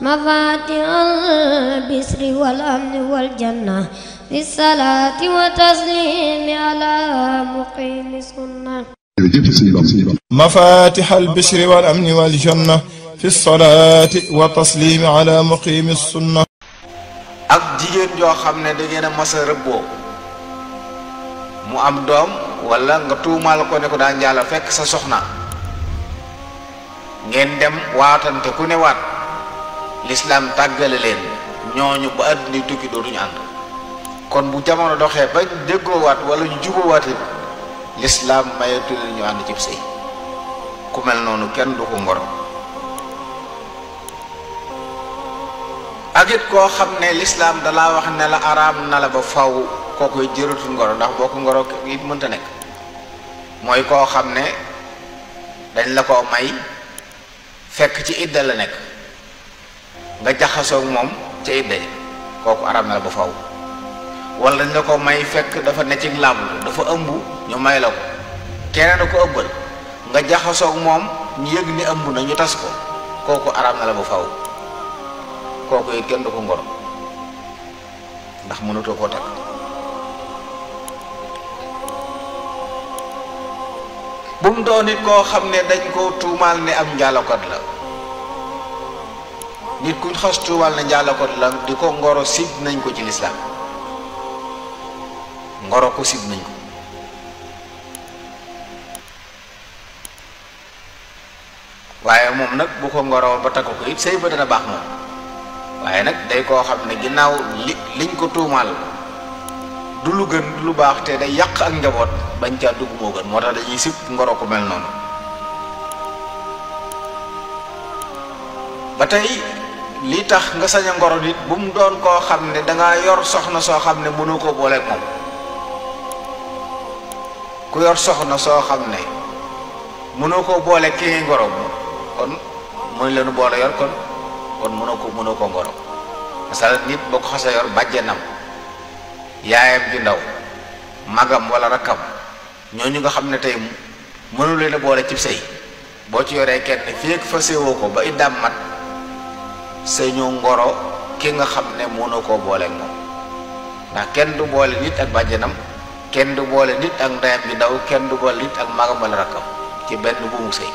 مفاتح البسر والأمن والجنة بالصلاة وتسليم على مقيم سنة مفاتح البشر والأمن والجنة في الصلاة وتسليم على مقيم السنة ak jigéen joo xam ne da ngeen a mas a rëbboo mu am doom wala nga tuumaal ko ne ko daa njaala fekk sa soxna ngeen dem waatante ku ne waat lislaam tàggale leen ñooñu ba àdduna tukki dootuñu ànd kon bu jamono doxee ba déggoowaat wala ñu juboowaat it lislaam mayatu leen ñu ànd cib sëy ku mel noonu kenn du ko ngoro ak it koo xam ne lislaam dalaa wax ne la araam na la ba faw kooku jëratul ngoro ndax boo ko ngoro it mënta nekk mooy koo xam ne dañ la ko may fekk ci idda la nekk nga jaxasoog moom ci idday kooku aram na la ba faw wala dañ da ko may fekk dafa ne ci làmb dafa ëmb ñu may la ko keneen da ko ëbbal nga jaxasoog moom ñu yëg ni ëmb na ñu tas ko kooku aram na la ba faw kooku it kenn du ko ngoro ndax mënutoo koo takk bu doon it koo xam ne dañ koo tuumaal ne am njaalokat la nit ku xas tuubaal na njaalakot la di ko ngoro sib nañ ko ci lislaam ngoro ko sib nañ ko waaye moom nag bu ko ngoro ba takk ko it sëy ba baax moom waaye nag day koo xam ne ginnaaw li liñ ko tuumaal du lu gën lu baax te day yàq ak njaboot bañ ca dugg moo gën moo tax dañuy sib ngoro ko mel noonu ba tey lii tax nga sañ ngoro nit bu mu doon koo xam ne danga yor soxna soo xam ne mënu koo booleeg moom ku yor soxna soo xam ne mënoo koo booleeg ki ngay ngoro kon mënu leenu boole yor kon kon mënoo ko mënoo ko ngoro masala nit boo ko xasee yor bàjjenam yaayam ju ndaw magam wala rakkam ñooñu nga xam ne tey mënu leen boole ci sëy boo ci yoree kenn fii ak fa séwoo ko ba iddaam mat sëñu ngoro ki nga xam ne mënu koo boole moom ndax kenn du boole nit ak bàjjanam kenn du boole nit ak ndeyam bi ndaw kenn du boole nit ak magam walla rakkam ci benn bu sëy